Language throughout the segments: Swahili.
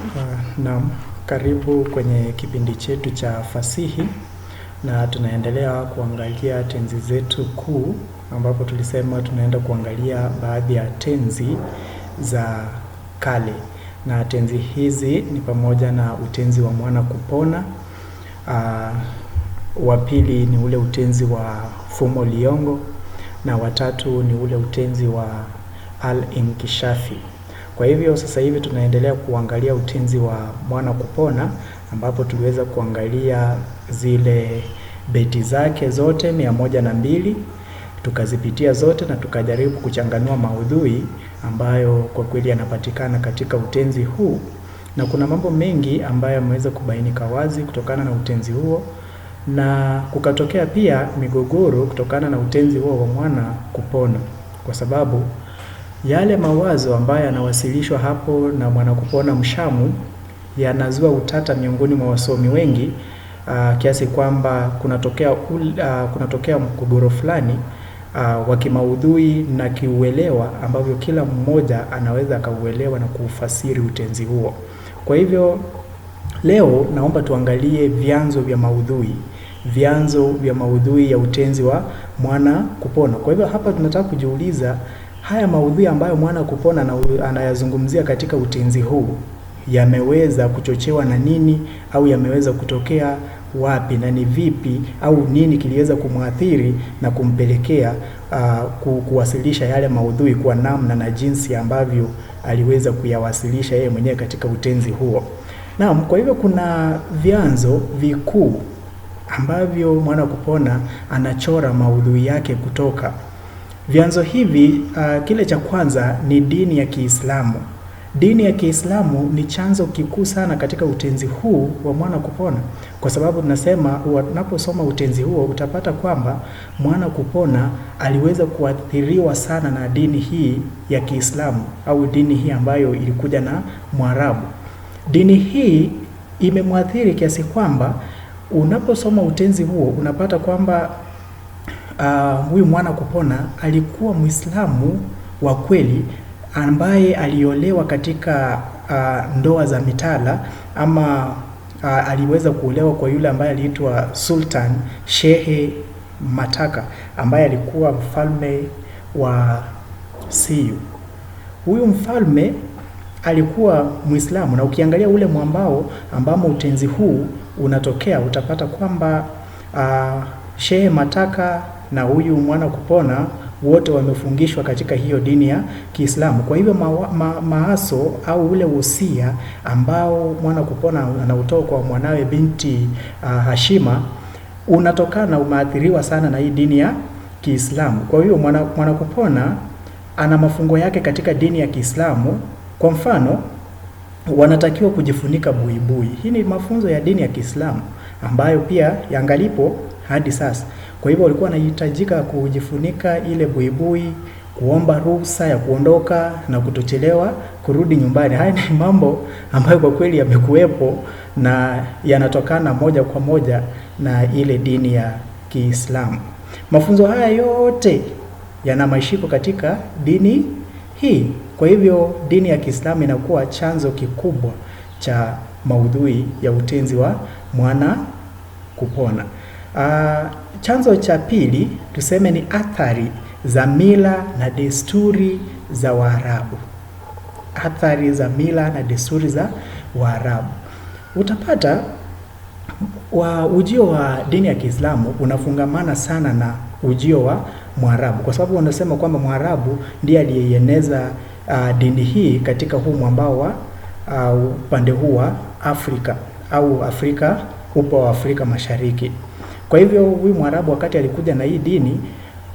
Uh, naam, karibu kwenye kipindi chetu cha fasihi na tunaendelea kuangalia tenzi zetu kuu, ambapo tulisema tunaenda kuangalia baadhi ya tenzi za kale, na tenzi hizi ni pamoja na utenzi wa mwana kupona. Uh, wa pili ni ule utenzi wa Fumo Liongo na watatu ni ule utenzi wa Al-Inkishafi. Kwa hivyo sasa hivi tunaendelea kuangalia utenzi wa Mwana Kupona, ambapo tuliweza kuangalia zile beti zake zote mia moja na mbili tukazipitia zote na tukajaribu kuchanganua maudhui ambayo kwa kweli yanapatikana katika utenzi huu, na kuna mambo mengi ambayo yameweza kubainika wazi kutokana na utenzi huo, na kukatokea pia migogoro kutokana na utenzi huo wa Mwana Kupona kwa sababu yale mawazo ambayo yanawasilishwa hapo na Mwanakupona Mshamu yanazua utata miongoni mwa wasomi wengi uh, kiasi kwamba kunatokea, uh, kunatokea mgogoro fulani uh, wa kimaudhui na kiuelewa ambavyo kila mmoja anaweza akauelewa na kuufasiri utenzi huo. Kwa hivyo leo naomba tuangalie vyanzo vya maudhui vyanzo vya maudhui ya utenzi wa Mwana Kupona. Kwa hivyo hapa tunataka kujiuliza Haya maudhui ambayo Mwana Kupona anayazungumzia katika utenzi huu yameweza kuchochewa na nini au yameweza kutokea wapi na ni vipi au nini kiliweza kumwathiri na kumpelekea uh, kuwasilisha yale maudhui kwa namna na jinsi ambavyo aliweza kuyawasilisha yeye mwenyewe katika utenzi huo. Naam, kwa hivyo kuna vyanzo vikuu ambavyo Mwana Kupona anachora maudhui yake kutoka Vyanzo hivi uh, kile cha kwanza ni dini ya Kiislamu. Dini ya Kiislamu ni chanzo kikuu sana katika utenzi huu wa mwana kupona, kwa sababu tunasema unaposoma utenzi huo utapata kwamba mwana kupona aliweza kuathiriwa sana na dini hii ya Kiislamu au dini hii ambayo ilikuja na Mwarabu. Dini hii imemwathiri kiasi kwamba unaposoma utenzi huo unapata kwamba Ah, huyu uh, mwana kupona alikuwa Muislamu wa kweli ambaye aliolewa katika uh, ndoa za mitala ama uh, aliweza kuolewa kwa yule ambaye aliitwa Sultan Shehe Mataka ambaye alikuwa mfalme wa Siyu. Huyu mfalme alikuwa Muislamu, na ukiangalia ule mwambao ambamo utenzi huu unatokea utapata kwamba uh, Shehe Mataka na huyu mwana kupona wote wamefungishwa katika hiyo dini ya Kiislamu. Kwa hivyo ma, ma, maaso au ule wosia ambao mwana kupona anautoa kwa mwanawe binti uh, Hashima unatokana, umeathiriwa sana na hii dini ya Kiislamu. Kwa hiyo mwana, mwana kupona ana mafungo yake katika dini ya Kiislamu. Kwa mfano, wanatakiwa kujifunika buibui. Hii ni mafunzo ya dini ya Kiislamu ambayo pia yangalipo hadi sasa. Kwa hivyo walikuwa wanahitajika kujifunika ile buibui, kuomba ruhusa ya kuondoka na kutochelewa kurudi nyumbani. Haya ni mambo ambayo kwa kweli yamekuwepo na yanatokana moja kwa moja na ile dini ya Kiislamu. Mafunzo haya yote yana maishiko katika dini hii. Kwa hivyo dini ya Kiislamu inakuwa chanzo kikubwa cha maudhui ya utenzi wa mwana kupona. Uh, chanzo cha pili tuseme ni athari za mila na desturi za Waarabu. Athari za mila na desturi za Waarabu. Utapata wa ujio wa dini ya Kiislamu unafungamana sana na ujio wa Mwarabu kwa sababu wanasema kwamba Mwarabu ndiye aliyeieneza uh, ah, dini hii katika huu mwambao wa ah, upande uh, huu wa Afrika au Afrika upo wa Afrika Mashariki. Kwa hivyo huyu Mwarabu wakati alikuja na hii dini,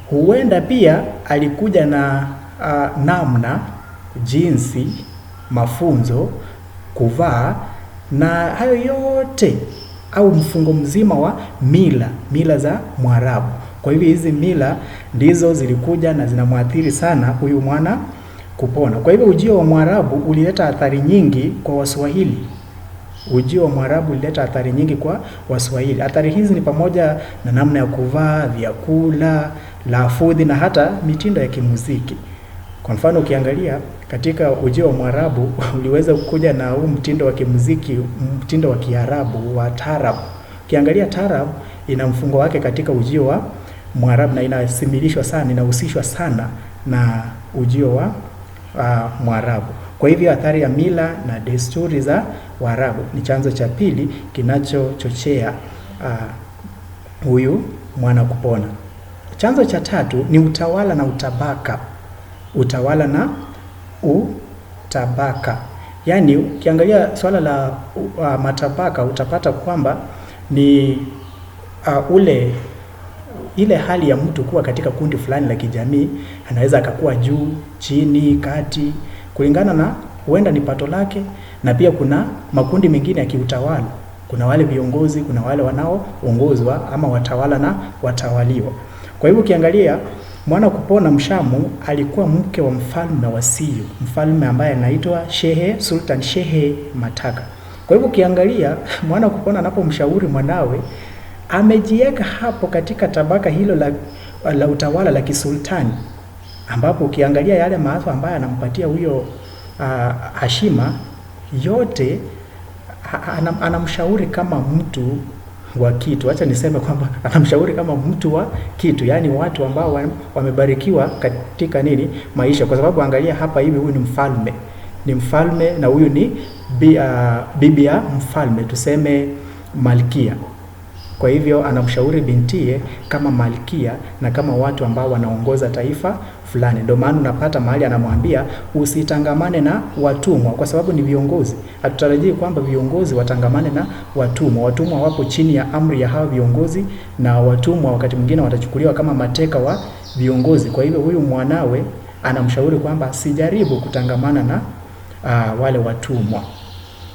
huenda pia alikuja na uh, namna, jinsi, mafunzo, kuvaa na hayo yote au mfungo mzima wa mila, mila za Mwarabu. Kwa hivyo hizi mila ndizo zilikuja na zinamwathiri sana huyu mwana kupona. Kwa hivyo ujio wa Mwarabu ulileta athari nyingi kwa Waswahili. Ujio wa Mwarabu ulileta athari nyingi kwa Waswahili. Athari hizi ni pamoja na namna ya kuvaa, vyakula, lafudhi na hata mitindo ya kimuziki. Kwa mfano, ukiangalia katika ujio wa Mwarabu uliweza kuja na huu mtindo wa kimuziki, mtindo wa Kiarabu wa tarab. Ukiangalia tarab ina mfungo wake katika ujio wa Mwarabu na inasimilishwa sana, inahusishwa sana na ujio wa uh, Mwarabu. Kwa hivyo athari ya mila na desturi za Waarabu ni chanzo cha pili kinachochochea uh, huyu mwana kupona. Chanzo cha tatu ni utawala na utabaka. Utawala na utabaka, yaani ukiangalia swala la uh, matabaka utapata kwamba ni uh, ule ile hali ya mtu kuwa katika kundi fulani la kijamii, anaweza akakuwa juu, chini, kati kulingana na huenda ni pato lake, na pia kuna makundi mengine ya kiutawala. Kuna wale viongozi, kuna wale wanaoongozwa ama watawala na watawaliwa. Kwa hivyo ukiangalia mwana kupona Mshamu alikuwa mke wa mfalme wa Siyu, mfalme ambaye anaitwa Shehe Sultan Shehe Mataka. Kwa hivyo ukiangalia mwana kupona anapomshauri mwanawe amejiweka hapo katika tabaka hilo la, la utawala la kisultani ambapo ukiangalia yale maafa ambayo anampatia huyo uh, yote anam, anamshauri kama mtu wa kitu. Acha niseme kwamba anamshauri kama mtu wa kitu, yaani watu ambao wamebarikiwa katika nini maisha, kwa sababu angalia hapa hivi, huyu ni mfalme, ni mfalme na huyu ni bi, uh, bibi ya mfalme, tuseme malkia. Kwa hivyo anamshauri bintiye kama malkia na kama watu ambao wanaongoza taifa fulani. Ndio maana unapata mahali anamwambia usitangamane na watumwa, kwa sababu ni viongozi. Hatutarajii kwamba viongozi watangamane na watumwa. Watumwa wapo chini ya amri ya hawa viongozi, na watumwa wakati mwingine watachukuliwa kama mateka wa viongozi. Kwa hivyo huyu mwanawe anamshauri kwamba sijaribu kutangamana na uh, wale watumwa.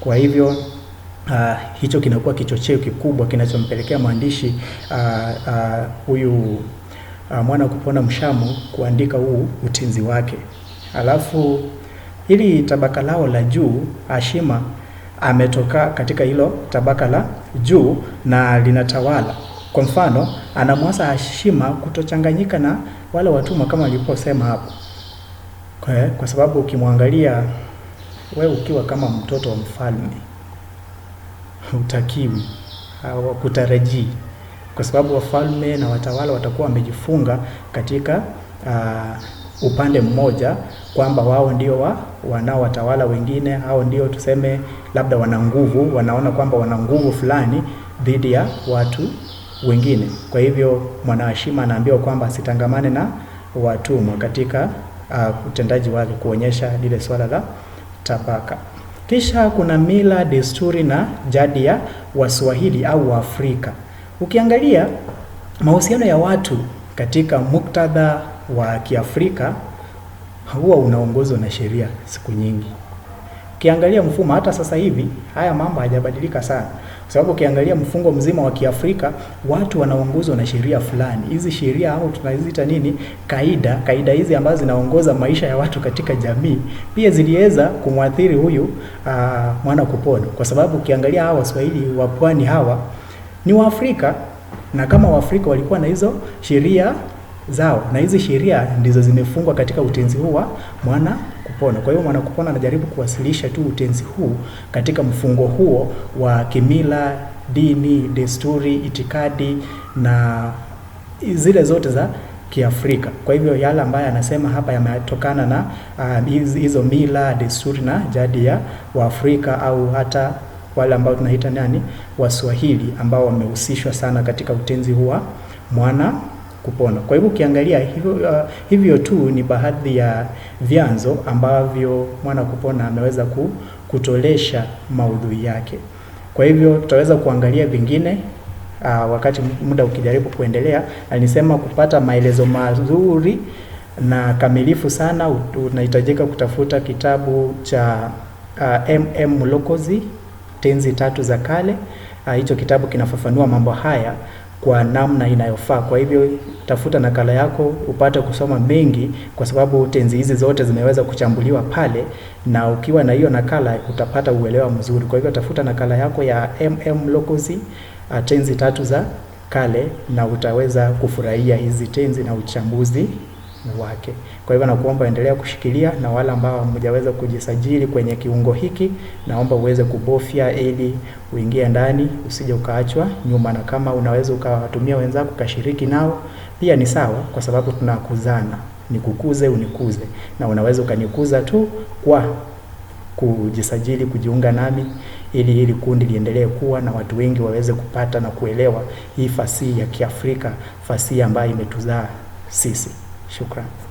Kwa hivyo Uh, hicho kinakuwa kichocheo kikubwa kinachompelekea mwandishi ah, ah, huyu uh, uh, uh, mwana kupona mshamu kuandika huu utinzi wake. Alafu ili tabaka lao la juu Ashima ametoka katika hilo tabaka la juu na linatawala. Kwa mfano, anamwasa Ashima kutochanganyika na wale watumwa kama aliposema hapo, kwa, kwa sababu ukimwangalia we ukiwa kama mtoto wa mfalme hutakiwi, hawakutarajii ah, kwa sababu wafalme na watawala watakuwa wamejifunga katika uh, upande mmoja kwamba wao ndio wa, wanaowatawala wengine, au ndio tuseme labda wana nguvu, wanaona kwamba wana nguvu fulani dhidi ya watu wengine. Kwa hivyo Mwanahashima anaambiwa kwamba asitangamane na watumwa katika ah, utendaji wake, kuonyesha lile swala la tabaka. Kisha kuna mila, desturi na jadi ya Waswahili au Waafrika. Ukiangalia mahusiano ya watu katika muktadha wa Kiafrika huwa unaongozwa na sheria siku nyingi. Ukiangalia mfumo hata sasa hivi haya mambo hayajabadilika sana sababu ukiangalia mfungo mzima wa Kiafrika watu wanaongozwa na sheria fulani. Hizi sheria au tunaziita nini, kaida. Kaida hizi ambazo zinaongoza maisha ya watu katika jamii pia ziliweza kumwathiri huyu aa, ah, mwana kupodo, kwa sababu ukiangalia hawa Waswahili wa pwani hawa ni Waafrika na kama Waafrika walikuwa na hizo sheria zao na hizi sheria ndizo zimefungwa katika utenzi huu wa mwana kupona. Kwa hiyo mwanakupona anajaribu kuwasilisha tu utenzi huu katika mfungo huo wa kimila, dini, desturi, itikadi na zile zote za Kiafrika. Kwa hivyo yale ambayo anasema hapa yametokana na uh, hizo uh, mila, desturi na jadi ya Waafrika au hata wale ambao tunaita nani, Waswahili ambao wamehusishwa sana katika utenzi huu wa mwana kupona. Kwa hivyo ukiangalia hivyo, uh, hivyo tu ni baadhi ya vyanzo ambavyo Mwana Kupona ameweza ku, kutolesha maudhui yake. Kwa hivyo tutaweza kuangalia vingine uh, wakati muda ukijaribu kuendelea. Alisema kupata maelezo mazuri na kamilifu sana unahitajika kutafuta kitabu cha uh, MM Mlokozi Tenzi Tatu za Kale. Uh, hicho uh, kitabu kinafafanua mambo haya kwa namna inayofaa. Kwa hivyo tafuta nakala yako upate kusoma mengi, kwa sababu tenzi hizi zote zimeweza kuchambuliwa pale, na ukiwa na hiyo nakala utapata uelewa mzuri. Kwa hivyo tafuta nakala yako ya MM Locuzi, ah, tenzi tatu za kale, na utaweza kufurahia hizi tenzi na uchambuzi wake. Kwa hivyo nakuomba endelea kushikilia, na wale ambao hamjaweza kujisajili kwenye kiungo hiki, naomba uweze kubofya ili uingie ndani, usije ukaachwa nyuma, na kama unaweza ukawatumia wenzako ukashiriki nao pia ni sawa, kwa sababu tunakuzana, nikukuze unikuze, na unaweza ukanikuza tu kwa kujisajili kujiunga nami ili hili kundi liendelee kuwa na watu wengi waweze kupata na kuelewa hii fasihi ya Kiafrika, fasihi ambayo imetuzaa sisi. शुक्रिया